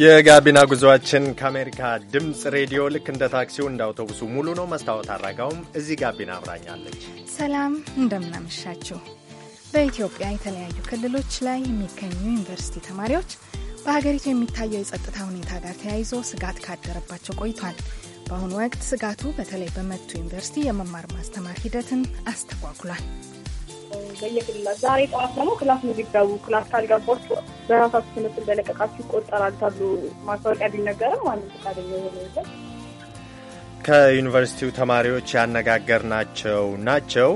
የጋቢና ጉዞአችን ከአሜሪካ ድምፅ ሬዲዮ ልክ እንደ ታክሲው እንደ አውቶቡሱ ሙሉ ነው። መስታወት አድረጋውም እዚህ ጋቢና አብራኛለች። ሰላም እንደምናመሻችሁ። በኢትዮጵያ የተለያዩ ክልሎች ላይ የሚገኙ ዩኒቨርሲቲ ተማሪዎች በሀገሪቱ የሚታየው የጸጥታ ሁኔታ ጋር ተያይዞ ስጋት ካደረባቸው ቆይቷል። በአሁኑ ወቅት ስጋቱ በተለይ በመቱ ዩኒቨርሲቲ የመማር ማስተማር ሂደትን አስተጓጉሏል። በየክልላ ዛሬ ጠዋት ደግሞ ክላስ ነው ቢጋቡ ክላስ ካልገባችሁ በራሳችሁ ትምህርት እንደለቀቃችሁ ይቆጠራል ተብሎ ማስታወቂያ ቢነገርም ማንም ፈቃደኛ የሆነ የለም። ከዩኒቨርሲቲው ተማሪዎች ያነጋገርናቸው ናቸው።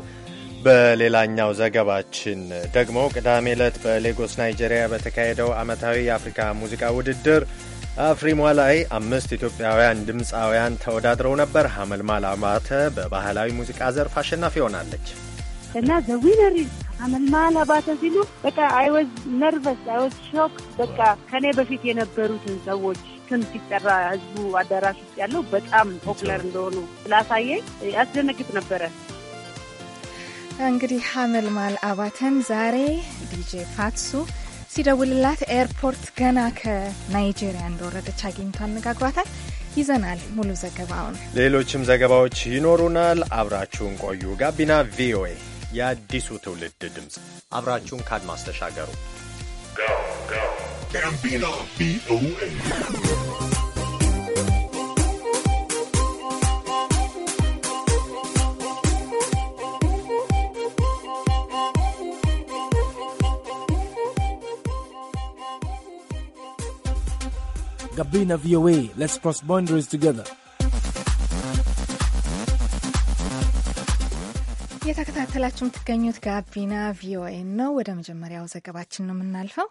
በሌላኛው ዘገባችን ደግሞ ቅዳሜ ዕለት በሌጎስ ናይጄሪያ በተካሄደው ዓመታዊ የአፍሪካ ሙዚቃ ውድድር አፍሪሟ ላይ አምስት ኢትዮጵያውያን ድምፃውያን ተወዳድረው ነበር። ሐመልማል አማተ በባህላዊ ሙዚቃ ዘርፍ አሸናፊ ሆናለች። እና ዘዊነሪ አመልማል አባተ ሲሉ በቃ አይወዝ ነርቨስ አይወዝ ሾክ በቃ ከኔ በፊት የነበሩትን ሰዎች ስም ሲጠራ ህዝቡ አዳራሽ ውስጥ ያለው በጣም ፖፕለር እንደሆኑ ስላሳየኝ ያስደነግጥ ነበረ። እንግዲህ ሀመልማል አባተን ዛሬ ዲጄ ፋትሱ ሲደውልላት ኤርፖርት ገና ከናይጄሪያ እንደወረደች አግኝቶ አነጋግሯታል። ይዘናል ሙሉ ዘገባውን። ሌሎችም ዘገባዎች ይኖሩናል። አብራችሁን ቆዩ። ጋቢና ቪኦኤ የአዲሱ ትውልድ ድምፅ። አብራችሁን ካድማስ ተሻገሩ። ጋቢና ቪኦኤ Gabina VOA. Let's cross boundaries together. እየተከታተላችሁ የምትገኙት ጋቢና ቪኦኤ ነው። ወደ መጀመሪያው ዘገባችን ነው የምናልፈው።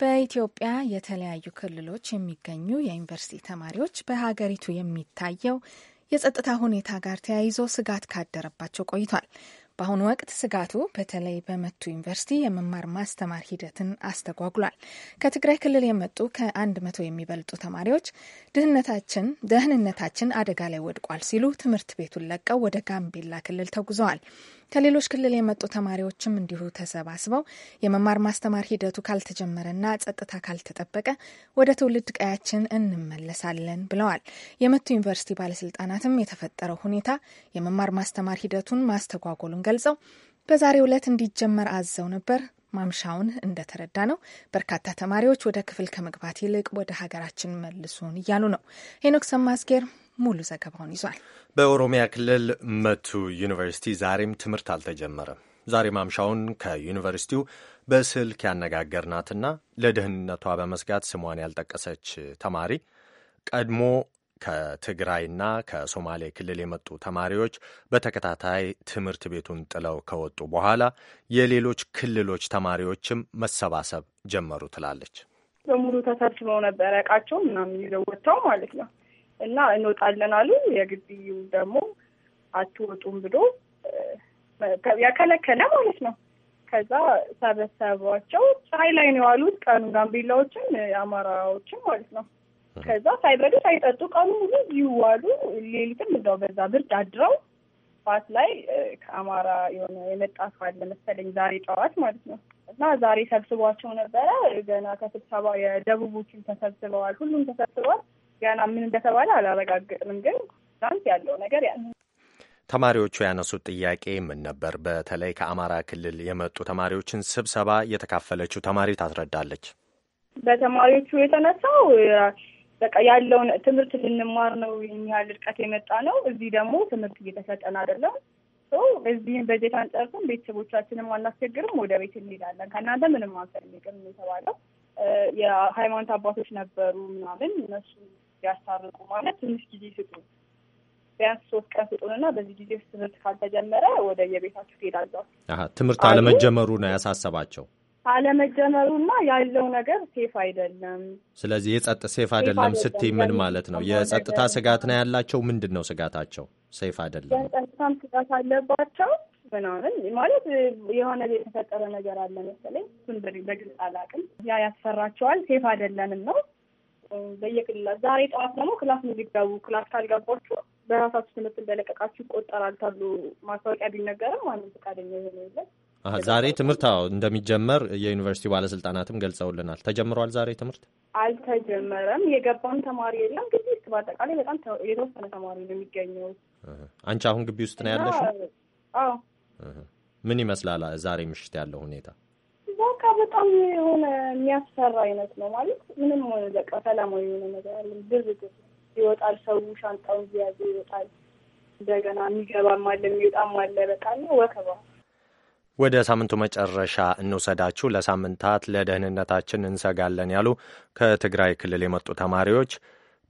በኢትዮጵያ የተለያዩ ክልሎች የሚገኙ የዩኒቨርሲቲ ተማሪዎች በሀገሪቱ የሚታየው የጸጥታ ሁኔታ ጋር ተያይዞ ስጋት ካደረባቸው ቆይቷል። በአሁኑ ወቅት ስጋቱ በተለይ በመቱ ዩኒቨርሲቲ የመማር ማስተማር ሂደትን አስተጓጉሏል። ከትግራይ ክልል የመጡ ከአንድ መቶ የሚበልጡ ተማሪዎች ድህነታችን ደህንነታችን አደጋ ላይ ወድቋል ሲሉ ትምህርት ቤቱን ለቀው ወደ ጋምቤላ ክልል ተጉዘዋል። ከሌሎች ክልል የመጡ ተማሪዎችም እንዲሁ ተሰባስበው የመማር ማስተማር ሂደቱ ካልተጀመረና ጸጥታ ካልተጠበቀ ወደ ትውልድ ቀያችን እንመለሳለን ብለዋል። የመቱ ዩኒቨርሲቲ ባለስልጣናትም የተፈጠረው ሁኔታ የመማር ማስተማር ሂደቱን ማስተጓጎሉን ገልጸው በዛሬው ዕለት እንዲጀመር አዘው ነበር። ማምሻውን እንደተረዳ ነው በርካታ ተማሪዎች ወደ ክፍል ከመግባት ይልቅ ወደ ሀገራችን መልሱን እያሉ ነው። ሄኖክ ሰማስጌር ሙሉ ዘገባውን ይዟል። በኦሮሚያ ክልል መቱ ዩኒቨርሲቲ ዛሬም ትምህርት አልተጀመረም። ዛሬ ማምሻውን ከዩኒቨርሲቲው በስልክ ያነጋገርናትና ለደህንነቷ በመስጋት ስሟን ያልጠቀሰች ተማሪ ቀድሞ ከትግራይና ከሶማሌ ክልል የመጡ ተማሪዎች በተከታታይ ትምህርት ቤቱን ጥለው ከወጡ በኋላ የሌሎች ክልሎች ተማሪዎችም መሰባሰብ ጀመሩ ትላለች። በሙሉ ተሰብስበው ነበረ እቃቸው ምናምን ይዘው ወጥተው ማለት ነው። እና እንወጣለን አሉ። የግቢው ደግሞ አትወጡም ብሎ ያከለከለ ማለት ነው። ከዛ ሰበሰቧቸው። ፀሐይ ላይ ነው ያሉት ቀኑ ጋምቤላዎችን፣ አማራዎችን ማለት ነው። ከዛ ሳይበሉ ሳይጠጡ ቀኑ ሙሉ ይዋሉ፣ ሌሊትም እዛው በዛ ብርድ አድረው ጠዋት ላይ ከአማራ የሆነ የመጣ ሰው አለ መሰለኝ ዛሬ ጠዋት ማለት ነው። እና ዛሬ ሰብስቧቸው ነበረ። ገና ከስብሰባ የደቡቦችን ተሰብስበዋል፣ ሁሉም ተሰብስበዋል። ገና ምን እንደተባለ አላረጋግጥም፣ ግን ትናንት ያለው ነገር ያለ ተማሪዎቹ ያነሱት ጥያቄ ምን ነበር? በተለይ ከአማራ ክልል የመጡ ተማሪዎችን ስብሰባ የተካፈለችው ተማሪ ታስረዳለች። በተማሪዎቹ የተነሳው በቃ ያለውን ትምህርት ልንማር ነው ያህል እርቀት የመጣ ነው። እዚህ ደግሞ ትምህርት እየተሰጠን አይደለም። እዚህም በጀት አንጨርስም፣ ቤተሰቦቻችንም አናስቸግርም፣ ወደ ቤት እንሄዳለን፣ ከእናንተ ምንም አንፈልግም የተባለው የሃይማኖት አባቶች ነበሩ ምናምን እነሱ ያስታርቁ ማለት ትንሽ ጊዜ ስጡ፣ ቢያንስ ሶስት ቀን ስጡንና በዚህ ጊዜ ውስጥ ትምህርት ካልተጀመረ ወደ የቤታችሁ ትሄዳላችሁ። ትምህርት አለመጀመሩ ነው ያሳሰባቸው አለመጀመሩና ያለው ነገር ሴፍ አይደለም። ስለዚህ የጸጥ ሴፍ አይደለም ስትይ ምን ማለት ነው? የጸጥታ ስጋት ነው ያላቸው? ምንድን ነው ስጋታቸው? ሴፍ አይደለም፣ የጸጥታም ስጋት አለባቸው ምናምን ማለት የሆነ የተፈጠረ ነገር አለ መሰለኝ፣ እሱን በግልጽ አላውቅም። ያ ያስፈራቸዋል። ሴፍ አይደለንም ነው በየክልላ ዛሬ ጠዋት ደግሞ ክላስ እንዲገቡ ክላስ ካልገባችሁ በራሳችሁ ትምህርት እንደለቀቃችሁ ይቆጠራል ተብሎ ማስታወቂያ ቢነገርም ማንም ፈቃደኛ የሆነ የለም። ዛሬ ትምህርት አዎ እንደሚጀመር የዩኒቨርሲቲ ባለስልጣናትም ገልጸውልናል። ተጀምሯል። ዛሬ ትምህርት አልተጀመረም። የገባም ተማሪ የለም። ግቢ ውስጥ በአጠቃላይ በጣም የተወሰነ ተማሪ ነው የሚገኘው። አንቺ አሁን ግቢ ውስጥ ነው ያለሽ? አዎ። ምን ይመስላል ዛሬ ምሽት ያለው ሁኔታ? በጣም የሆነ የሚያስፈራ አይነት ነው ማለት ምንም ሆነ በቃ ሰላማዊ የሆነ ነገር አለ። ግርግር ይወጣል፣ ሰው ሻንጣውን እየያዘ ይወጣል። እንደገና የሚገባም አለ የሚወጣም አለ። በቃ ነው ወከባ። ወደ ሳምንቱ መጨረሻ እንውሰዳችሁ። ለሳምንታት ለደህንነታችን እንሰጋለን ያሉ ከትግራይ ክልል የመጡ ተማሪዎች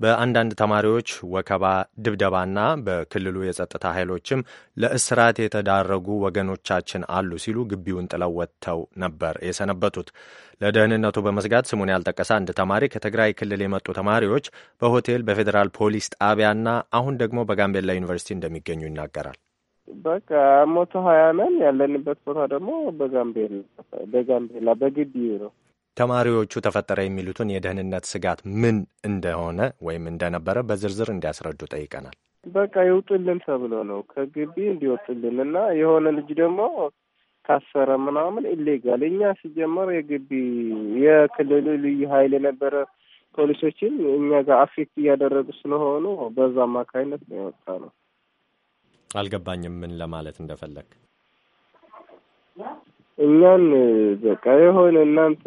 በአንዳንድ ተማሪዎች ወከባ፣ ድብደባና በክልሉ የጸጥታ ኃይሎችም ለእስራት የተዳረጉ ወገኖቻችን አሉ ሲሉ ግቢውን ጥለው ወጥተው ነበር የሰነበቱት። ለደህንነቱ በመስጋት ስሙን ያልጠቀሰ አንድ ተማሪ ከትግራይ ክልል የመጡ ተማሪዎች በሆቴል በፌዴራል ፖሊስ ጣቢያና አሁን ደግሞ በጋምቤላ ዩኒቨርሲቲ እንደሚገኙ ይናገራል። በቃ መቶ ሀያ ነን። ያለንበት ቦታ ደግሞ በጋምቤላ በጋምቤላ በግቢ ነው። ተማሪዎቹ ተፈጠረ የሚሉትን የደህንነት ስጋት ምን እንደሆነ ወይም እንደነበረ በዝርዝር እንዲያስረዱ ጠይቀናል። በቃ ይውጡልን ተብሎ ነው ከግቢ እንዲወጡልን እና የሆነ ልጅ ደግሞ ታሰረ ምናምን ኢሌጋል። እኛ ሲጀመር የግቢ የክልሉ ልዩ ኃይል የነበረ ፖሊሶችን እኛ ጋር አፌክት እያደረጉ ስለሆኑ በዛ አማካኝነት ነው የወጣ ነው። አልገባኝም ምን ለማለት እንደፈለግ እኛን በቃ የሆነ እናንተ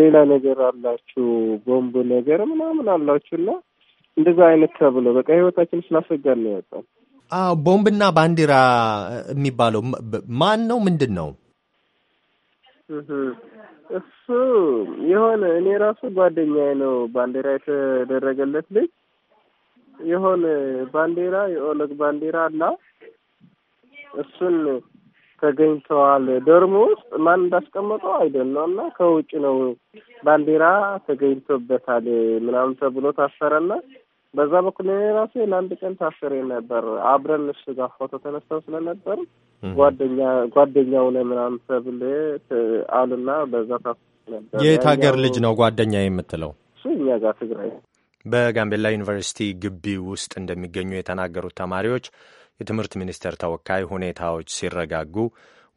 ሌላ ነገር አላችሁ፣ ቦምብ ነገር ምናምን አላችሁና እንደዛ አይነት ተብሎ በቃ ህይወታችን ስላሰጋን ነው ያወጣል። ቦምብና ባንዲራ የሚባለው ማን ነው? ምንድን ነው እሱ? የሆነ እኔ ራሱ ጓደኛዬ ነው ባንዲራ የተደረገለት ልጅ የሆነ ባንዲራ የኦነግ ባንዲራ እና እሱን ተገኝተዋል። ደርሞ ውስጥ ማን እንዳስቀመጠው አይደለም እና ከውጭ ነው ባንዲራ ተገኝቶበታል ምናምን ተብሎ ታሰረና በዛ በኩል እኔ ራሴ ለአንድ ቀን ታስሬ ነበር። አብረን እሱ ጋር ፎቶ ተነስተው ስለነበር ጓደኛ ጓደኛው ነህ ምናምን ተብል አሉና በዛ ታስ ነበር። የት ሀገር ልጅ ነው ጓደኛ የምትለው? እሱ እኛ ጋር ትግራይ በጋምቤላ ዩኒቨርሲቲ ግቢ ውስጥ እንደሚገኙ የተናገሩት ተማሪዎች የትምህርት ሚኒስቴር ተወካይ ሁኔታዎች ሲረጋጉ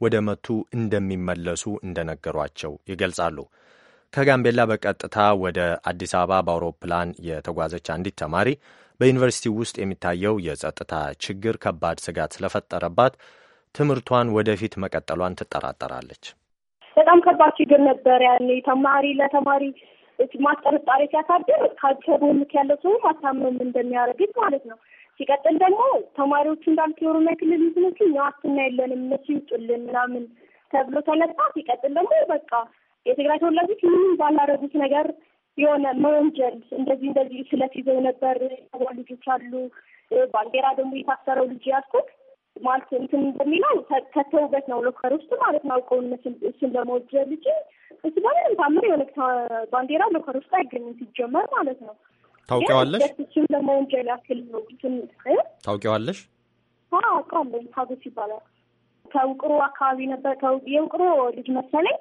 ወደ መቱ እንደሚመለሱ እንደነገሯቸው ይገልጻሉ። ከጋምቤላ በቀጥታ ወደ አዲስ አበባ በአውሮፕላን የተጓዘች አንዲት ተማሪ በዩኒቨርሲቲ ውስጥ የሚታየው የጸጥታ ችግር ከባድ ስጋት ስለፈጠረባት ትምህርቷን ወደፊት መቀጠሏን ትጠራጠራለች። በጣም ከባድ ችግር ነበር። ያኔ ተማሪ ለተማሪ ማስጠርጣሪ ሲያሳድር ካልቸር ምክ ያለው ሰው ማሳመም እንደሚያደርግት ማለት ነው። ሲቀጥል ደግሞ ተማሪዎቹ እንዳሉት የኦሮሚያ ክልል ምስመስል ዋስትና የለንም እነሱ ይውጡልን ምናምን ተብሎ ተነሳ። ሲቀጥል ደግሞ በቃ የትግራይ ተወላጆች ምንም ባላረጉት ነገር የሆነ መወንጀል እንደዚህ እንደዚህ ስለት ይዘው ነበር የተባሉ ልጆች አሉ። ባንዴራ ደግሞ የታሰረው ልጅ ያልኩት ማለት እንትን እንደሚለው ከተውበት ነው ሎከር ውስጥ ማለት ነው አውቀው እሱን ለመወጀል ልጅ እሱ በምንም ታምር የሆነ ባንዴራ ሎከር ውስጥ አይገኝም ሲጀመር ማለት ነው። ታውቂዋለሽ? ደግሞ ወንጀል ያክል የሚወጡትን ታውቂዋለሽ? አውቃለሁ። ታጎት ይባላል። ከውቅሮ አካባቢ ነበር። የውቅሮ ልጅ መሰለኝ።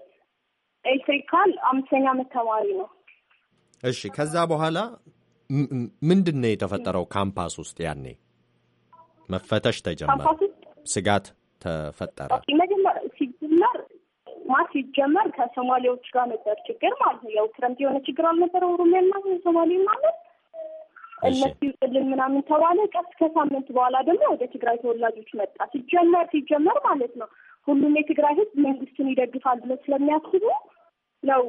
ኤሌክትሪካል አምስተኛ ዓመት ተማሪ ነው። እሺ። ከዛ በኋላ ምንድን ነው የተፈጠረው? ካምፓስ ውስጥ ያኔ መፈተሽ ተጀመረ፣ ስጋት ተፈጠረ። ሲጀመር ማ ሲጀመር ከሶማሌዎች ጋር ነበር ችግር ማለት ነው። ያው ክረምት የሆነ ችግር አልነበረ ኦሮሚያና ሶማሌ ማለት እነሱ ይውጥልን ምናምን ተባለ። ቀስ ከሳምንት በኋላ ደግሞ ወደ ትግራይ ተወላጆች መጣ። ሲጀመር ሲጀመር ማለት ነው ሁሉም የትግራይ ህዝብ መንግስትን ይደግፋል ብለው ስለሚያስቡ ነው።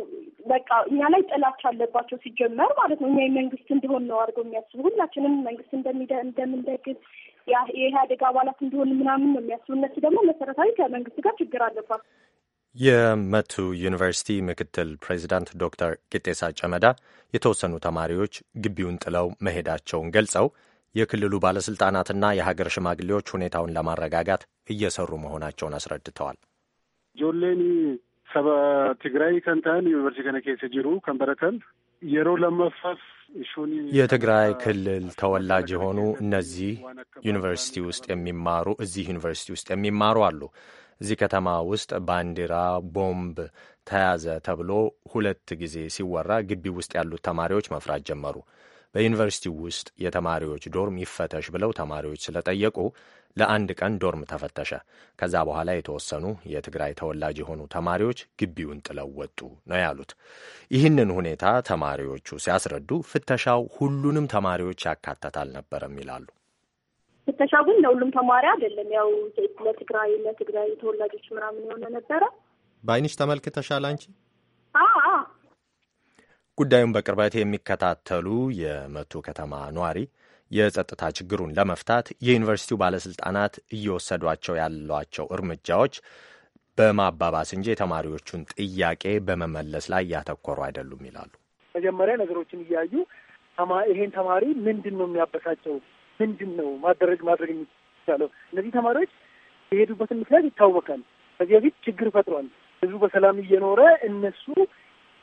በቃ እኛ ላይ ጥላቻ አለባቸው ሲጀመር ማለት ነው። እኛ የመንግስት እንደሆን ነው አድርገው የሚያስቡ ሁላችንም መንግስት እንደምንደግፍ የኢህአዴግ አባላት እንደሆን ምናምን ነው የሚያስቡ። እነሱ ደግሞ መሰረታዊ ከመንግስት ጋር ችግር አለባቸው። የመቱ ዩኒቨርሲቲ ምክትል ፕሬዚዳንት ዶክተር ቂጤሳ ጨመዳ የተወሰኑ ተማሪዎች ግቢውን ጥለው መሄዳቸውን ገልጸው የክልሉ ባለስልጣናትና የሀገር ሽማግሌዎች ሁኔታውን ለማረጋጋት እየሰሩ መሆናቸውን አስረድተዋል። ጆሌኒ ሰበ ትግራይ ከንተን ዩኒቨርሲቲ ከነ ጅሩ ከንበረተን የሮ ለመፈስ የትግራይ ክልል ተወላጅ የሆኑ እነዚህ ዩኒቨርሲቲ ውስጥ የሚማሩ እዚህ ዩኒቨርሲቲ ውስጥ የሚማሩ አሉ እዚህ ከተማ ውስጥ ባንዲራ ቦምብ ተያዘ ተብሎ ሁለት ጊዜ ሲወራ ግቢ ውስጥ ያሉት ተማሪዎች መፍራት ጀመሩ። በዩኒቨርሲቲ ውስጥ የተማሪዎች ዶርም ይፈተሽ ብለው ተማሪዎች ስለጠየቁ ለአንድ ቀን ዶርም ተፈተሸ። ከዛ በኋላ የተወሰኑ የትግራይ ተወላጅ የሆኑ ተማሪዎች ግቢውን ጥለው ወጡ ነው ያሉት። ይህንን ሁኔታ ተማሪዎቹ ሲያስረዱ ፍተሻው ሁሉንም ተማሪዎች ያካተታል አልነበረም ይላሉ። ፍተሻ ግን ለሁሉም ተማሪ አይደለም። ያው ለትግራይ ለትግራይ ተወላጆች ምናምን የሆነ ነበረ። በአይንሽ ተመልክተሻል አንቺ? ጉዳዩን በቅርበት የሚከታተሉ የመቱ ከተማ ነዋሪ የጸጥታ ችግሩን ለመፍታት የዩኒቨርሲቲው ባለስልጣናት እየወሰዷቸው ያሏቸው እርምጃዎች በማባባስ እንጂ የተማሪዎቹን ጥያቄ በመመለስ ላይ ያተኮሩ አይደሉም ይላሉ። መጀመሪያ ነገሮችን እያዩ ይሄን ተማሪ ምንድን ነው የሚያበሳጨው ምንድን ነው ማደረግ ማድረግ የሚቻለው? እነዚህ ተማሪዎች የሄዱበትን ምክንያት ይታወቃል። ከዚህ በፊት ችግር ፈጥሯል። ህዝቡ በሰላም እየኖረ እነሱ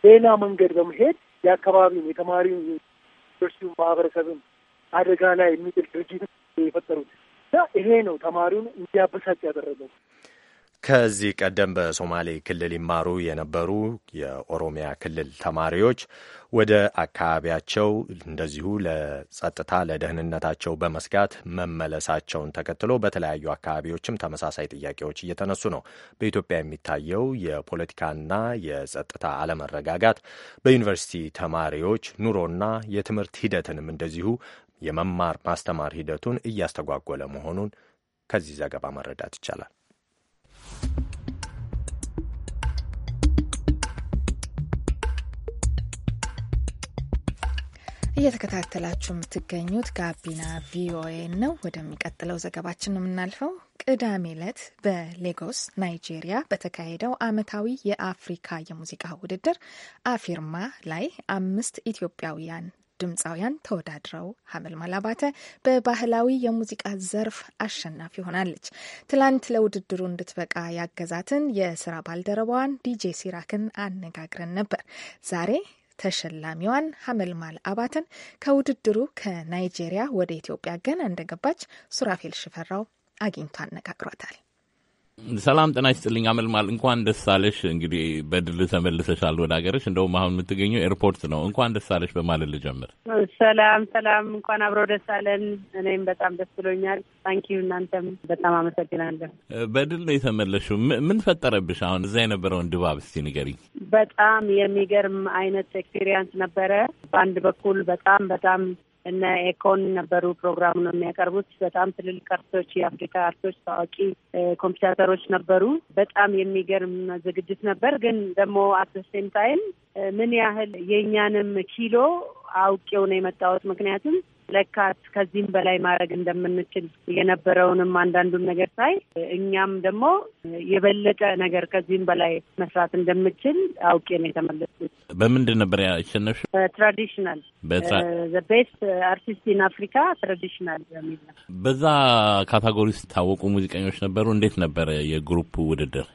ሌላ መንገድ በመሄድ የአካባቢውን የተማሪውን ዩኒቨርሲቲ ማህበረሰብም አደጋ ላይ የሚጥል ድርጅት የፈጠሩት እና ይሄ ነው ተማሪውን እንዲያበሳጭ ያደረገው። ከዚህ ቀደም በሶማሌ ክልል ይማሩ የነበሩ የኦሮሚያ ክልል ተማሪዎች ወደ አካባቢያቸው እንደዚሁ ለጸጥታ ለደህንነታቸው በመስጋት መመለሳቸውን ተከትሎ በተለያዩ አካባቢዎችም ተመሳሳይ ጥያቄዎች እየተነሱ ነው። በኢትዮጵያ የሚታየው የፖለቲካና የጸጥታ አለመረጋጋት በዩኒቨርሲቲ ተማሪዎች ኑሮና የትምህርት ሂደትንም እንደዚሁ የመማር ማስተማር ሂደቱን እያስተጓጎለ መሆኑን ከዚህ ዘገባ መረዳት ይቻላል። እየተከታተላችሁ የምትገኙት ጋቢና ቪኦኤ ነው። ወደሚቀጥለው ዘገባችን ነው የምናልፈው። ቅዳሜ ዕለት በሌጎስ ናይጄሪያ በተካሄደው ዓመታዊ የአፍሪካ የሙዚቃ ውድድር አፊርማ ላይ አምስት ኢትዮጵያውያን ድምፃውያን ተወዳድረው ሀመልማል አባተ በባህላዊ የሙዚቃ ዘርፍ አሸናፊ ሆናለች። ትላንት ለውድድሩ እንድትበቃ ያገዛትን የስራ ባልደረባዋን ዲጄ ሲራክን አነጋግረን ነበር። ዛሬ ተሸላሚዋን ሀመልማል አባተን ከውድድሩ ከናይጄሪያ ወደ ኢትዮጵያ ገና እንደገባች ሱራፌል ሽፈራው አግኝቶ አነጋግሯታል። ሰላም ጤና ይስጥልኝ። አመልማል እንኳን ደስ አለሽ። እንግዲህ በድል ተመልሰሻል ወደ ሀገርሽ። እንደውም አሁን የምትገኘው ኤርፖርት ነው። እንኳን ደስ አለሽ በማለት ልጀምር። ሰላም ሰላም፣ እንኳን አብረው ደስ አለን። እኔም በጣም ደስ ብሎኛል። ታንኪዩ። እናንተም በጣም አመሰግናለሁ። በድል ነው የተመለሽው። ምን ፈጠረብሽ? አሁን እዛ የነበረውን ድባብ እስቲ ንገሪኝ። በጣም የሚገርም አይነት ኤክስፒሪየንስ ነበረ። በአንድ በኩል በጣም በጣም እና ኤኮን ነበሩ ነው የሚያቀርቡት። በጣም ትልልቅ አርቲስቶች፣ የአፍሪካ አርቲስቶች፣ ታዋቂ ኮምፒውተሮች ነበሩ። በጣም የሚገርም ዝግጅት ነበር። ግን ደግሞ አትሴም ታይም ምን ያህል የእኛንም ኪሎ አውቄው ነው የመጣሁት ምክንያቱም ለካት ከዚህም በላይ ማድረግ እንደምንችል የነበረውንም አንዳንዱን ነገር ሳይ እኛም ደግሞ የበለጠ ነገር ከዚህም በላይ መስራት እንደምችል አውቄ ነው የተመለስኩት። በምንድን ነበር ያሸነፍ? ትራዲሽናል ቤስት አርቲስት ኢን አፍሪካ ትራዲሽናል በሚል ነው። በዛ ካታጎሪ ውስጥ ታወቁ ሙዚቀኞች ነበሩ። እንዴት ነበረ የግሩፕ ውድድር?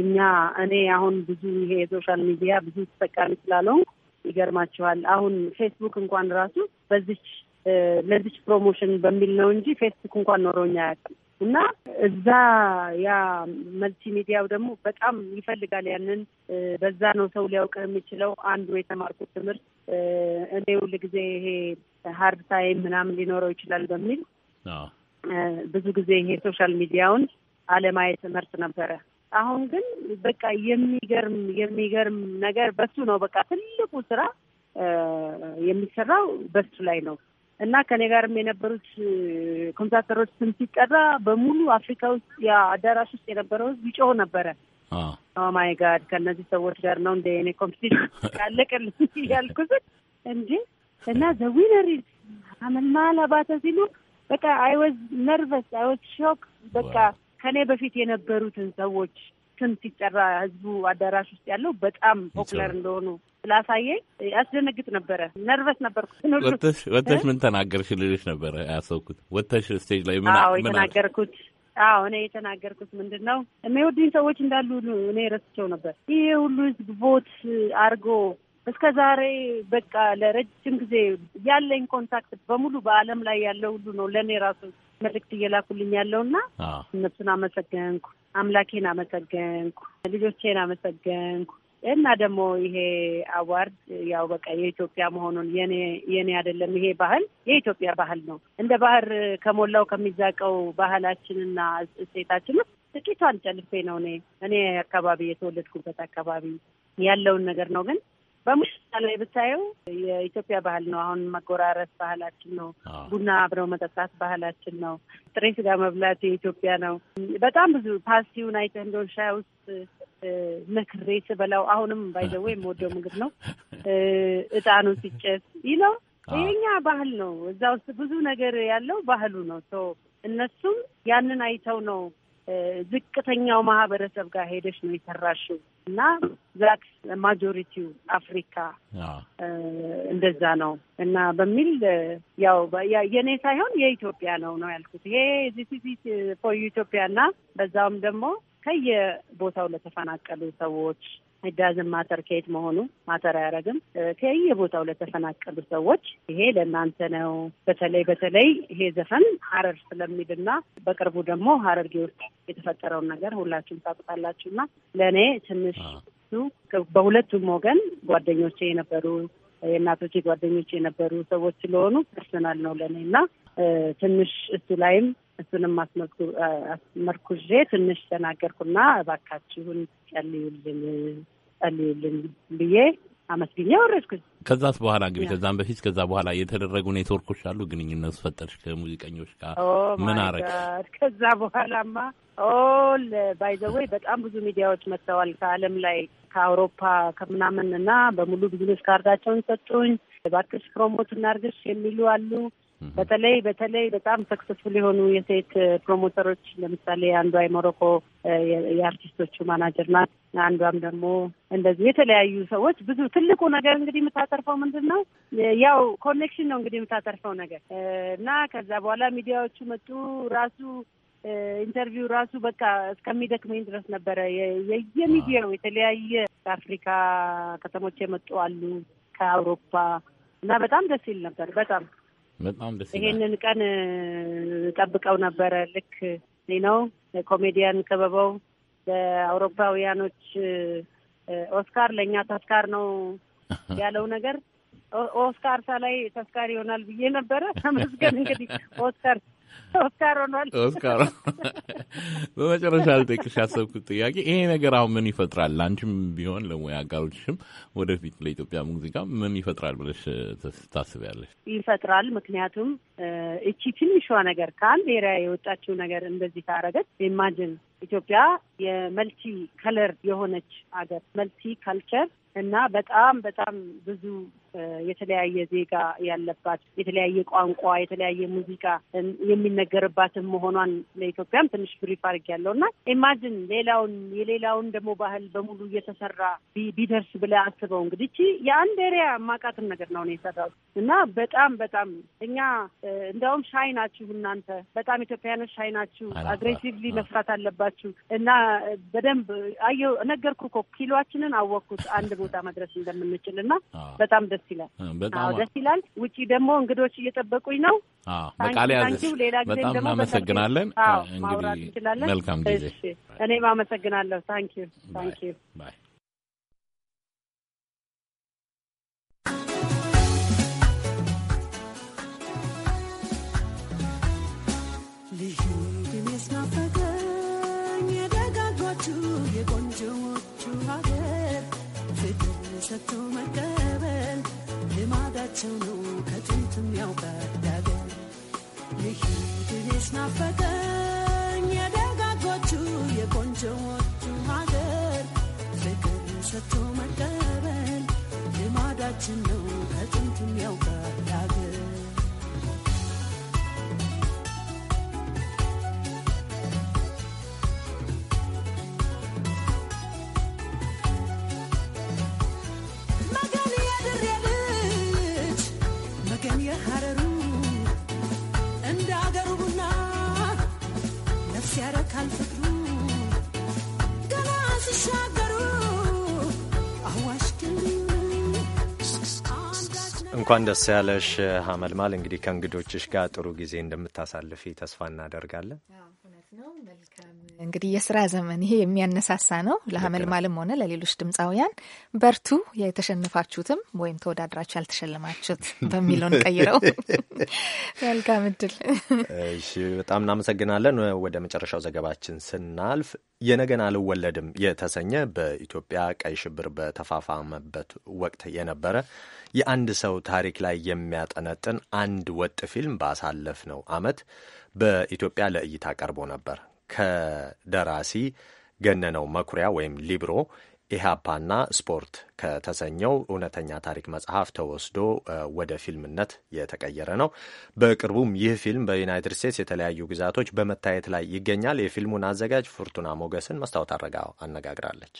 እኛ እኔ አሁን ብዙ ይሄ የሶሻል ሚዲያ ብዙ ተጠቃሚ ስላልሆንኩ ይገርማችኋል አሁን ፌስቡክ እንኳን ራሱ በዚች ለዚች ፕሮሞሽን በሚል ነው እንጂ ፌስቡክ እንኳን ኖረኝ አያውቅም። እና እዛ ያ መልቲ ሚዲያው ደግሞ በጣም ይፈልጋል ያንን። በዛ ነው ሰው ሊያውቅ የሚችለው። አንዱ የተማርኩት ትምህርት እኔ ሁል ጊዜ ይሄ ሀርድ ታይም ምናምን ሊኖረው ይችላል በሚል ብዙ ጊዜ ይሄ ሶሻል ሚዲያውን አለማየት ትምህርት ነበረ። አሁን ግን በቃ የሚገርም የሚገርም ነገር በሱ ነው። በቃ ትልቁ ስራ የሚሰራው በሱ ላይ ነው። እና ከኔ ጋርም የነበሩት ኮምፒታተሮች ስም ሲጠራ በሙሉ አፍሪካ ውስጥ የአዳራሽ ውስጥ የነበረው ህዝብ ይጮህ ነበረ። ማይ ጋድ ከእነዚህ ሰዎች ጋር ነው እንደ የኔ ኮምፒቲሽን ያለቀልኝ ያልኩትን እንዲ እና ዘዊነሪ አመልማል አባተ ሲሉ በቃ አይወዝ ነርቨስ አይወዝ ሾክ በቃ ከኔ በፊት የነበሩትን ሰዎች ስንት ሲጠራ ህዝቡ አዳራሽ ውስጥ ያለው በጣም ፖፑላር እንደሆኑ ስላሳየኝ ያስደነግጥ ነበረ። ነርቨስ ነበርኩ። ወተሽ ምን ተናገርሽ ልልሽ ነበረ ያሰብኩት። ወተሽ ስቴጅ ላይ ምን የተናገርኩት? አዎ እኔ የተናገርኩት ምንድን ነው የሚወዱኝ ሰዎች እንዳሉ እኔ ረስቸው ነበር። ይህ ሁሉ ህዝብ ቦት አድርጎ እስከ ዛሬ በቃ ለረጅም ጊዜ ያለኝ ኮንታክት በሙሉ በዓለም ላይ ያለው ሁሉ ነው ለእኔ ራሱ መልእክት እየላኩልኝ ያለው እና እነሱን አመሰገንኩ፣ አምላኬን አመሰገንኩ፣ ልጆቼን አመሰገንኩ እና ደግሞ ይሄ አዋርድ ያው በቃ የኢትዮጵያ መሆኑን የኔ አይደለም። ይሄ ባህል የኢትዮጵያ ባህል ነው። እንደ ባህር ከሞላው ከሚዛቀው ባህላችንና እሴታችን ጥቂቷን ጨልፌ ነው እኔ እኔ አካባቢ የተወለድኩበት አካባቢ ያለውን ነገር ነው ግን በሙሽና ላይ ብታየው የኢትዮጵያ ባህል ነው። አሁን መጎራረስ ባህላችን ነው። ቡና አብረው መጠጣት ባህላችን ነው። ጥሬ ስጋ መብላት የኢትዮጵያ ነው። በጣም ብዙ ፓስቲ አይተህ እንደሆነ ሻይ ውስጥ መክሬ ስበላው አሁንም ባይዘዌ የምወደው ምግብ ነው። እጣኑ ሲጨስ ይህ የኛ ባህል ነው። እዛ ውስጥ ብዙ ነገር ያለው ባህሉ ነው። እነሱም ያንን አይተው ነው ዝቅተኛው ማህበረሰብ ጋር ሄደች ነው የሰራሽው እና ዛክስ ማጆሪቲው አፍሪካ እንደዛ ነው እና በሚል ያው የእኔ ሳይሆን የኢትዮጵያ ነው ነው ያልኩት። ይሄ ዚሲሲት ፎር ኢትዮጵያ እና በዛውም ደግሞ ከየቦታው ለተፈናቀሉ ሰዎች ዳዝን ማተር ከየት መሆኑ ማተር አያደርግም። ከየቦታው ለተፈናቀሉ ሰዎች ይሄ ለእናንተ ነው። በተለይ በተለይ ይሄ ዘፈን ሀረር ስለሚልና በቅርቡ ደግሞ ሀረርጌ ውስጥ የተፈጠረውን ነገር ሁላችሁም እና ለእኔ ትንሽ በሁለቱም ወገን ጓደኞቼ የነበሩ የእናቶቼ ጓደኞች የነበሩ ሰዎች ስለሆኑ ፐርሰናል ነው ለእኔ እና ትንሽ እሱ ላይም እሱንም አስመርኩዤ ትንሽ ተናገርኩና እባካችሁን ጸልዩልን ጸልዩልን ብዬ አመስግኛ ወረድኩኝ። ከዛስ በኋላ እንግዲህ ከዛም በፊት ከዛ በኋላ የተደረጉ ኔትወርኮች አሉ። ግንኙነት ፈጠርሽ ከሙዚቀኞች ጋር ምን አረግ? ከዛ በኋላማ ኦ ባይዘወይ በጣም ብዙ ሚዲያዎች መጥተዋል ከአለም ላይ ከአውሮፓ ከምናምን እና በሙሉ ቢዝነስ ካርዳቸውን ሰጡኝ። እባክሽ ፕሮሞት እናርግሽ የሚሉ አሉ። በተለይ በተለይ በጣም ሰክሰስፉል የሆኑ የሴት ፕሮሞተሮች ለምሳሌ አንዷ የሞሮኮ የአርቲስቶቹ ማናጀር ናት። አንዷም ደግሞ እንደዚህ የተለያዩ ሰዎች ብዙ ትልቁ ነገር እንግዲህ የምታተርፈው ምንድን ነው? ያው ኮኔክሽን ነው እንግዲህ የምታተርፈው ነገር እና ከዛ በኋላ ሚዲያዎቹ መጡ ራሱ ኢንተርቪው ራሱ በቃ እስከሚደክመኝ ድረስ ነበረ። የየሚዲያው የተለያየ ከአፍሪካ ከተሞች የመጡ አሉ፣ ከአውሮፓ እና በጣም ደስ ይል ነበር በጣም በጣም ደስ ይሄንን ቀን ጠብቀው ነበረ። ልክ ነው ኮሜዲያን ከበበው ለአውሮፓውያኖች ኦስካር ለእኛ ተስካር ነው ያለው ነገር ኦስካር ሳላይ ተስካር ይሆናል ብዬ ነበረ። ተመስገን እንግዲህ ኦስካር ኦስካር ሆኗል። ኦስካር በመጨረሻ ልጠይቅሽ ያሰብኩት ጥያቄ ይሄ ነገር አሁን ምን ይፈጥራል፣ ለአንቺም ቢሆን ለሙያ አጋሮችሽም ወደፊት ለኢትዮጵያ ሙዚቃ ምን ይፈጥራል ብለሽ ታስቢያለሽ? ይፈጥራል። ምክንያቱም እቺ ትንሿ ነገር ከአንድ ኤሪያ የወጣችው ነገር እንደዚህ ካረገች ኢማጅን ኢትዮጵያ የመልቲ ከለር የሆነች አገር መልቲ ካልቸር እና በጣም በጣም ብዙ የተለያየ ዜጋ ያለባት የተለያየ ቋንቋ የተለያየ ሙዚቃ የሚነገርባትም መሆኗን ለኢትዮጵያም ትንሽ ብሪፍ አድርግ ያለው እና ኢማጅን ሌላውን የሌላውን ደግሞ ባህል በሙሉ እየተሰራ ቢደርስ ብለህ አስበው። እንግዲህ እቺ የአንድ ኤሪያ ማቃትን ነገር ነው የሰራው እና በጣም በጣም እኛ እንዲያውም ሻይ ናችሁ እናንተ በጣም ኢትዮጵያኖች ሻይ ናችሁ፣ አግሬሲቭሊ መስራት አለባችሁ እና በደንብ አየሁ ነገርኩ እኮ ኪሏችንን አወቅኩት አንድ ቦታ መድረስ እንደምንችል እና በጣም ደስ ደስ ይላል። አዎ ደስ ይላል። ውጪ ደግሞ እንግዶች እየጠበቁኝ ነው። በቃል ያዘ። በጣም እናመሰግናለን። እንግዲህ መልካም ጊዜ። እኔም አመሰግናለሁ። ታንኪዩ ታንኪዩ። you ሰጥቶ መቀበል ልማዳቸው ነው ከጥንትም ያውቃል ዳገል ልሂድ እኔስ ናፈቀኝ የደጋጎቹ የቆንጆዎቹ ሀገር ፍቅር ሰጥቶ መቀበል ልማዳችን ነው ከጥንትም ያውቃል እንኳን ደስ ያለሽ ሀመልማል። እንግዲህ ከእንግዶችሽ ጋር ጥሩ ጊዜ እንደምታሳልፊ ተስፋ እናደርጋለን። ነው። መልካም እንግዲህ የስራ ዘመን ይሄ የሚያነሳሳ ነው። ለሀመልማልም ሆነ ለሌሎች ድምፃውያን በርቱ፣ የተሸነፋችሁትም ወይም ተወዳድራችሁ ያልተሸለማችሁት በሚለው እንቀይረው። መልካም እድል። እሺ፣ በጣም እናመሰግናለን። ወደ መጨረሻው ዘገባችን ስናልፍ የነገን አልወለድም የተሰኘ በኢትዮጵያ ቀይ ሽብር በተፋፋመበት ወቅት የነበረ የአንድ ሰው ታሪክ ላይ የሚያጠነጥን አንድ ወጥ ፊልም ባሳለፍ ነው አመት በኢትዮጵያ ለእይታ ቀርቦ ነበር። ከደራሲ ገነነው መኩሪያ ወይም ሊብሮ ኢህአፓና ስፖርት ከተሰኘው እውነተኛ ታሪክ መጽሐፍ ተወስዶ ወደ ፊልምነት የተቀየረ ነው። በቅርቡም ይህ ፊልም በዩናይትድ ስቴትስ የተለያዩ ግዛቶች በመታየት ላይ ይገኛል። የፊልሙን አዘጋጅ ፍርቱና ሞገስን መስታወት አድርጋ አነጋግራለች።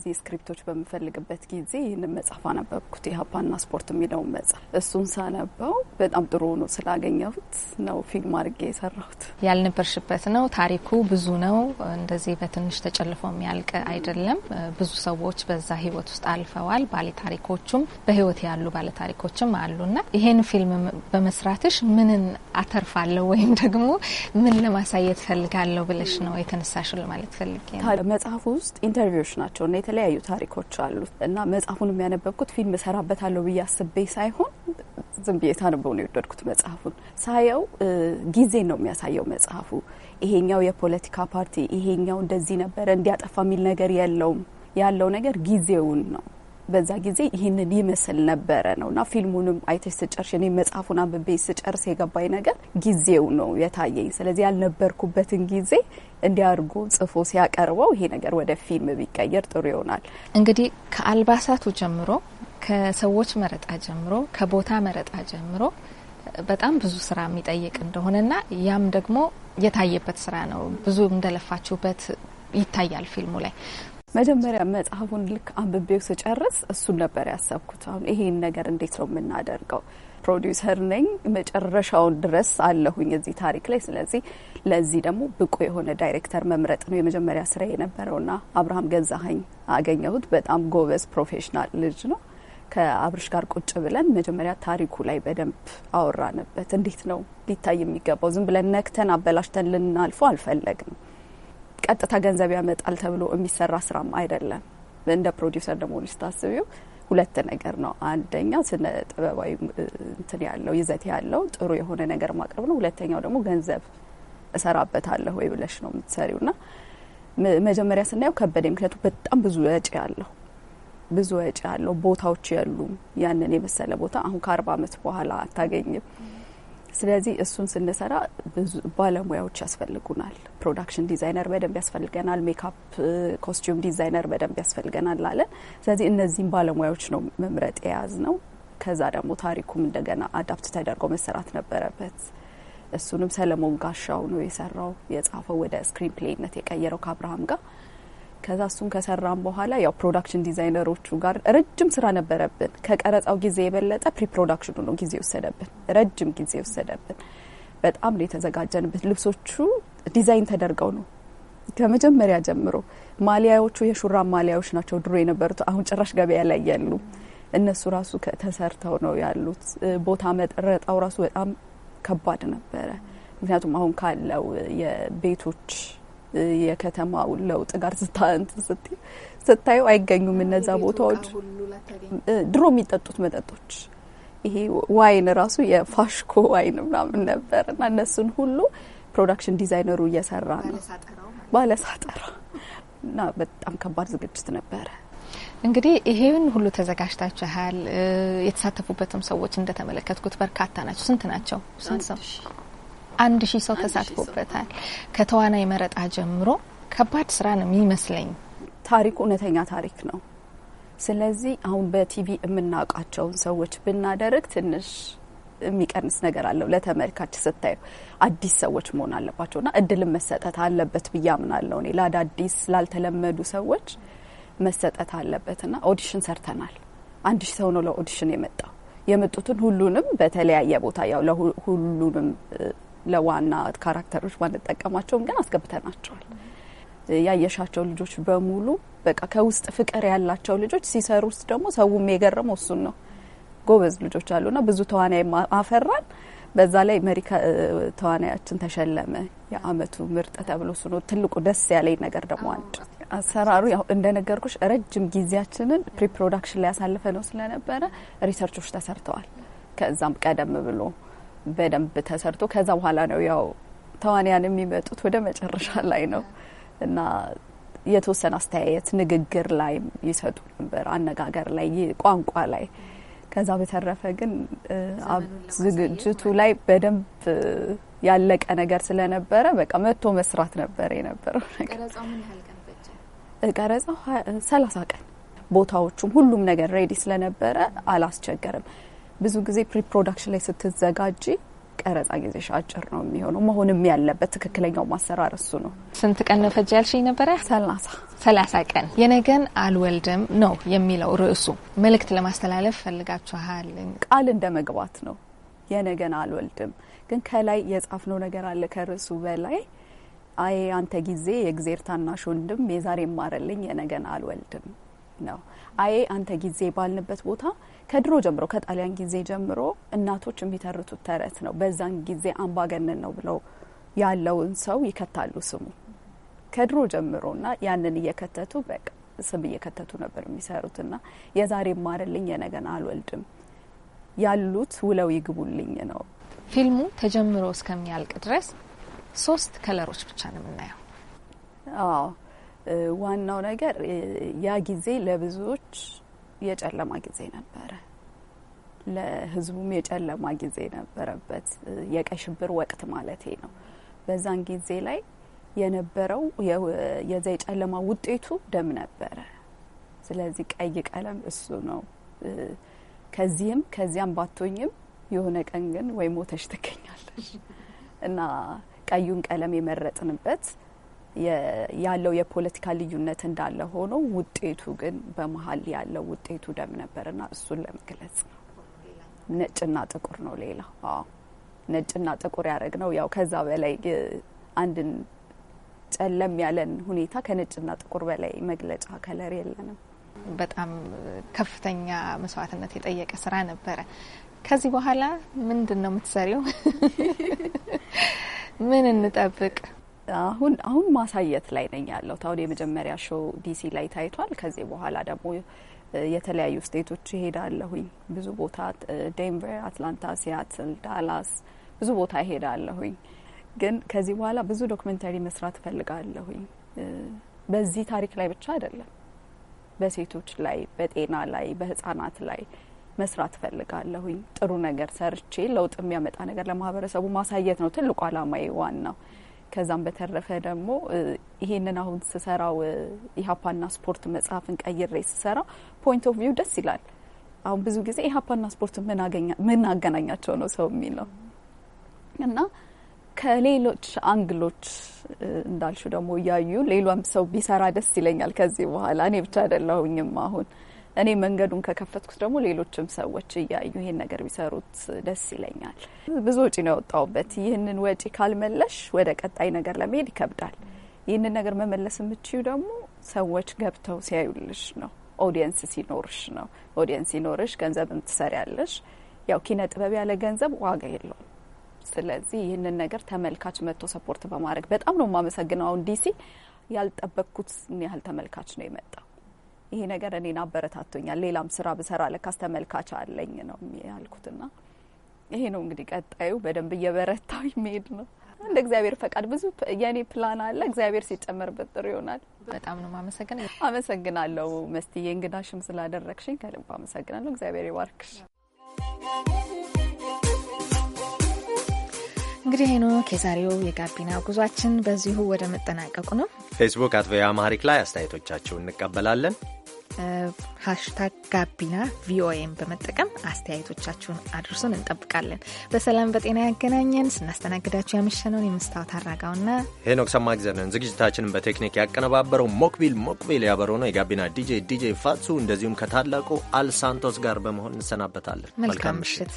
እዚህ ስክሪፕቶች በምፈልግበት ጊዜ ይህን መጽሐፍ አነበብኩት፣ የሀፓና ስፖርት የሚለውን መጽሐፍ። እሱን ሳነባው በጣም ጥሩ ሆኖ ስላገኘሁት ነው ፊልም አድርጌ የሰራሁት። ያልነበርሽበት ነው ታሪኩ ብዙ ነው። እንደዚህ በትንሽ ተጨልፎ የሚያልቅ አይደለም። ብዙ ሰዎች በዛ ህይወት ውስጥ አልፈዋል። ባለታሪኮቹም በህይወት ያሉ ባለታሪኮችም አሉና ይሄን ፊልም በመስራትሽ ምንን አተርፋለሁ ወይም ደግሞ ምን ለማሳየት ፈልጋለሁ ብለሽ ነው የተነሳሽል ማለት ፈልጌ መጽሐፉ ውስጥ ኢንተርቪዎች ናቸው የተለያዩ ታሪኮች አሉ እና መጽሐፉን የሚያነበብኩት ፊልም እሰራበታለሁ ብዬ አስቤ ሳይሆን ዝም ብዬ ሳነበው ነው የወደድኩት። መጽሐፉን ሳየው ጊዜን ነው የሚያሳየው መጽሐፉ። ይሄኛው የፖለቲካ ፓርቲ ይሄኛው እንደዚህ ነበረ እንዲያጠፋ የሚል ነገር የለውም። ያለው ነገር ጊዜውን ነው በዛ ጊዜ ይህንን ይመስል ነበረ ነው እና ፊልሙንም አይተሽ ስጨርሽ እኔ መጽሐፉን አንብቤ ስጨርስ የገባኝ ነገር ጊዜው ነው የታየኝ። ስለዚህ ያልነበርኩበትን ጊዜ እንዲያርጉ ጽፎ ሲያቀርበው ይሄ ነገር ወደ ፊልም ቢቀየር ጥሩ ይሆናል። እንግዲህ ከአልባሳቱ ጀምሮ፣ ከሰዎች መረጣ ጀምሮ፣ ከቦታ መረጣ ጀምሮ በጣም ብዙ ስራ የሚጠይቅ እንደሆነና ያም ደግሞ የታየበት ስራ ነው። ብዙ እንደለፋችሁበት ይታያል ፊልሙ ላይ። መጀመሪያ መጽሐፉን ልክ አንብቤው ስጨርስ እሱን ነበር ያሰብኩት። አሁን ይሄን ነገር እንዴት ነው የምናደርገው? ፕሮዲውሰር ነኝ፣ መጨረሻውን ድረስ አለሁኝ እዚህ ታሪክ ላይ። ስለዚህ ለዚህ ደግሞ ብቁ የሆነ ዳይሬክተር መምረጥ ነው የመጀመሪያ ስራ ና አብርሃም ገዛሀኝ አገኘሁት። በጣም ጎበዝ ፕሮፌሽናል ልጅ ነው። ከአብርሽ ጋር ቁጭ ብለን መጀመሪያ ታሪኩ ላይ በደንብ አወራንበት። እንዴት ነው ሊታይ የሚገባው? ዝም ብለን ነክተን አበላሽተን ልናልፎ አልፈለግም። ቀጥታ ገንዘብ ያመጣል ተብሎ የሚሰራ ስራም አይደለም። እንደ ፕሮዲውሰር ደግሞ ስታስቢው ሁለት ነገር ነው። አንደኛ ስነ ጥበባዊ እንትን ያለው ይዘት ያለው ጥሩ የሆነ ነገር ማቅረብ ነው። ሁለተኛው ደግሞ ገንዘብ እሰራበታለሁ ወይ ብለሽ ነው የምትሰሪው ና መጀመሪያ ስናየው ከበደ። ምክንያቱ በጣም ብዙ ወጪ ያለው ብዙ ወጪ ያለው ቦታዎች የሉም። ያንን የመሰለ ቦታ አሁን ከአርባ አመት በኋላ አታገኝም። ስለዚህ እሱን ስንሰራ ብዙ ባለሙያዎች ያስፈልጉናል። ፕሮዳክሽን ዲዛይነር በደንብ ያስፈልገናል፣ ሜካፕ ኮስቲዩም ዲዛይነር በደንብ ያስፈልገናል አለን። ስለዚህ እነዚህም ባለሙያዎች ነው መምረጥ የያዝ ነው። ከዛ ደግሞ ታሪኩም እንደገና አዳፕት ተደርጎ መሰራት ነበረበት። እሱንም ሰለሞን ጋሻው ነው የሰራው የጻፈው፣ ወደ ስክሪን ፕሌይነት የቀየረው ከአብርሃም ጋር ከዛ እሱን ከሰራም በኋላ ያው ፕሮዳክሽን ዲዛይነሮቹ ጋር ረጅም ስራ ነበረብን። ከቀረጻው ጊዜ የበለጠ ፕሪ ፕሮዳክሽኑ ነው ጊዜ ወሰደብን፣ ረጅም ጊዜ ወሰደብን። በጣም ነው የተዘጋጀንበት። ልብሶቹ ዲዛይን ተደርገው ነው ከመጀመሪያ ጀምሮ። ማሊያዎቹ የሹራብ ማሊያዎች ናቸው ድሮ የነበሩት፣ አሁን ጭራሽ ገበያ ላይ ያሉ እነሱ ራሱ ተሰርተው ነው ያሉት። ቦታ መጠረጣው ራሱ በጣም ከባድ ነበረ፣ ምክንያቱም አሁን ካለው የቤቶች የከተማው ለውጥ ጋር ስታዩ አይገኙም። እነዛ ቦታዎች ድሮ የሚጠጡት መጠጦች ይሄ ዋይን ራሱ የፋሽኮ ዋይን ምናምን ነበር እና እነሱን ሁሉ ፕሮዳክሽን ዲዛይነሩ እየሰራ ነው ባለሳጠራ እና በጣም ከባድ ዝግጅት ነበረ። እንግዲህ ይሄን ሁሉ ተዘጋጅታችኋል። የተሳተፉበትም ሰዎች እንደተመለከትኩት በርካታ ናቸው። ስንት ናቸው? ስንት ሰው አንድ ሺህ ሰው ተሳትፎበታል። ከተዋናይ መረጣ ጀምሮ ከባድ ስራ ነው የሚመስለኝ። ታሪኩ እውነተኛ ታሪክ ነው። ስለዚህ አሁን በቲቪ የምናውቃቸውን ሰዎች ብናደርግ ትንሽ የሚቀንስ ነገር አለው። ለተመልካች ስታዩ አዲስ ሰዎች መሆን እና እድልም መሰጠት አለበት ብዬ አምናለሁ። እኔ ለአዳዲስ ላልተለመዱ ሰዎች መሰጠት አለበትና ኦዲሽን ሰርተናል። አንድ ሺ ሰው ነው ለኦዲሽን የመጣው። የመጡትን ሁሉንም በተለያየ ቦታ ያው ለሁሉንም ለዋና ካራክተሮች ባንጠቀማቸውም ግን አስገብተናቸዋል። ያየሻቸው ልጆች በሙሉ በቃ ከውስጥ ፍቅር ያላቸው ልጆች ሲሰሩ ውስጥ ደግሞ ሰውም የገረመው እሱን ነው። ጎበዝ ልጆች አሉና ብዙ ተዋናይ አፈራን። በዛ ላይ መሪ ተዋናያችን ተሸለመ የአመቱ ምርጥ ተብሎ ስኖ ትልቁ ደስ ያለኝ ነገር ደግሞ አንድ አሰራሩ ያው እንደነገርኩሽ ረጅም ጊዜያችንን ፕሪፕሮዳክሽን ላይ ያሳልፈ ነው ስለነበረ ሪሰርቾች ተሰርተዋል። ከዛም ቀደም ብሎ በደንብ ተሰርቶ ከዛ በኋላ ነው ያው ተዋንያን የሚመጡት ወደ መጨረሻ ላይ ነው እና የተወሰነ አስተያየት ንግግር ላይ ይሰጡ ነበር፣ አነጋገር ላይ፣ ቋንቋ ላይ። ከዛ በተረፈ ግን ዝግጅቱ ላይ በደንብ ያለቀ ነገር ስለነበረ በቃ መጥቶ መስራት ነበር የነበረው ነገር። ቀረጻው ሰላሳ ቀን ቦታዎቹም ሁሉም ነገር ሬዲ ስለነበረ አላስቸገርም። ብዙ ጊዜ ፕሪፕሮዳክሽን ላይ ስትዘጋጂ ቀረጻ ጊዜሽ አጭር ነው የሚሆነው። መሆንም ያለበት ትክክለኛው ማሰራር እሱ ነው። ስንት ቀን ነው ፈጅ ያልሽኝ ነበረ? ሰላሳ ሰላሳ ቀን የነገን አልወልድም ነው የሚለው ርዕሱ። መልእክት ለማስተላለፍ ፈልጋችኋል? ቃል እንደ መግባት ነው። የነገን አልወልድም ግን ከላይ የጻፍነው ነገር አለ ከርዕሱ በላይ አይ አንተ ጊዜ የእግዜር ታናሽ ወንድም የዛሬ ማረልኝ የነገን አልወልድም ነው። አይ አንተ ጊዜ ባልንበት ቦታ ከድሮ ጀምሮ ከጣሊያን ጊዜ ጀምሮ እናቶች የሚተርቱት ተረት ነው። በዛን ጊዜ አምባገነን ነው ብለው ያለውን ሰው ይከታሉ ስሙ ከድሮ ጀምሮና ያንን እየከተቱ በቃ ስም እየከተቱ ነበር የሚሰሩትና የዛሬ ማርልኝ የነገን አልወልድም ያሉት ውለው ይግቡልኝ ነው። ፊልሙ ተጀምሮ እስከሚያልቅ ድረስ ሶስት ከለሮች ብቻ ነው የምናየው። አዎ ዋናው ነገር ያ ጊዜ ለብዙዎች የጨለማ ጊዜ ነበረ። ለህዝቡም የጨለማ ጊዜ ነበረበት። የቀይ ሽብር ወቅት ማለቴ ነው። በዛን ጊዜ ላይ የነበረው የዛ የጨለማ ውጤቱ ደም ነበረ። ስለዚህ ቀይ ቀለም እሱ ነው። ከዚህም ከዚያም ባቶኝም የሆነ ቀን ግን ወይ ሞተሽ ትገኛለሽ እና ቀዩን ቀለም የመረጥንበት ያለው የፖለቲካ ልዩነት እንዳለ ሆኖ ውጤቱ ግን በመሀል ያለው ውጤቱ ደም ነበርና እሱን ለመግለጽ ነው። ነጭና ጥቁር ነው። ሌላ ነጭና ጥቁር ያደረግ ነው። ያው ከዛ በላይ አንድን ጨለም ያለን ሁኔታ ከነጭና ጥቁር በላይ መግለጫ ከለር የለንም። በጣም ከፍተኛ መስዋዕትነት የጠየቀ ስራ ነበረ። ከዚህ በኋላ ምንድን ነው የምትሰሪው? ምን እንጠብቅ? አሁን አሁን ማሳየት ላይ ነኝ ያለሁት። አሁን የመጀመሪያ ሾው ዲሲ ላይ ታይቷል። ከዚህ በኋላ ደግሞ የተለያዩ ስቴቶች ይሄዳለሁኝ። ብዙ ቦታ ዴንቨር፣ አትላንታ፣ ሲያትል፣ ዳላስ ብዙ ቦታ ይሄዳለሁኝ። ግን ከዚህ በኋላ ብዙ ዶክመንተሪ መስራት እፈልጋለሁኝ። በዚህ ታሪክ ላይ ብቻ አይደለም፣ በሴቶች ላይ፣ በጤና ላይ፣ በህጻናት ላይ መስራት እፈልጋለሁኝ። ጥሩ ነገር ሰርቼ ለውጥ የሚያመጣ ነገር ለማህበረሰቡ ማሳየት ነው ትልቁ አላማዬ ዋናው ከዛም በተረፈ ደግሞ ይሄንን አሁን ስሰራው ኢህአፓና ስፖርት መጽሐፍን ቀይሬ ስሰራ ፖይንት ኦፍ ቪው ደስ ይላል። አሁን ብዙ ጊዜ ኢህአፓና ስፖርት ምን አገናኛቸው ነው ሰው የሚለው እና ከሌሎች አንግሎች እንዳልሹ ደግሞ እያዩ ሌሏም ሰው ቢሰራ ደስ ይለኛል። ከዚህ በኋላ እኔ ብቻ አይደለሁኝም አሁን እኔ መንገዱን ከከፈትኩት ደግሞ ሌሎችም ሰዎች እያዩ ይሄን ነገር ቢሰሩት ደስ ይለኛል። ብዙ ወጪ ነው ወጣውበት ይህንን ወጪ ካልመለሽ ወደ ቀጣይ ነገር ለመሄድ ይከብዳል። ይህንን ነገር መመለስ የምችዩ ደግሞ ሰዎች ገብተው ሲያዩልሽ ነው። ኦዲየንስ ሲኖርሽ ነው። ኦዲየንስ ሲኖርሽ ገንዘብም ትሰሪያለሽ። ያው ኪነ ጥበብ ያለ ገንዘብ ዋጋ የለውም። ስለዚህ ይህንን ነገር ተመልካች መጥቶ ሰፖርት በማድረግ በጣም ነው የማመሰግነው። አሁን ዲሲ ያልጠበቅኩት ያህል ተመልካች ነው የመጣው። ይሄ ነገር እኔን አበረታቶኛል፣ ሌላም ስራ ብሰራ ለካስ ተመልካች አለኝ ነው ያልኩትና ይሄ ነው እንግዲህ ቀጣዩ በደንብ እየበረታው የሚሄድ ነው። እንደ እግዚአብሔር ፈቃድ ብዙ የኔ ፕላን አለ። እግዚአብሔር ሲጨመርበት ጥሩ ይሆናል። በጣም ነው ማመሰግን አመሰግናለሁ። መስቲ የእንግዳሽም ስላደረግሽኝ ከልብ አመሰግናለሁ። እግዚአብሔር ይባርክሽ። እንግዲህ ሄኖክ የዛሬው የጋቢና ጉዟችን በዚሁ ወደ መጠናቀቁ ነው። ፌስቡክ አት ቪኦኤ አማሪክ ላይ አስተያየቶቻችሁን እንቀበላለን። ሀሽታግ ጋቢና ቪኦኤም በመጠቀም አስተያየቶቻችሁን አድርሱን፣ እንጠብቃለን። በሰላም በጤና ያገናኘን። ስናስተናግዳችሁ ያመሸነውን የመስታወት አራጋውና ሄኖክ ጊዘነን። ዝግጅታችንን በቴክኒክ ያቀነባበረው ሞክቢል ሞክቢል ያበረው ነው። የጋቢና ዲጄ ዲጄ ፋሱ እንደዚሁም ከታላቁ አልሳንቶስ ጋር በመሆን እንሰናበታለን። መልካም ምሽት።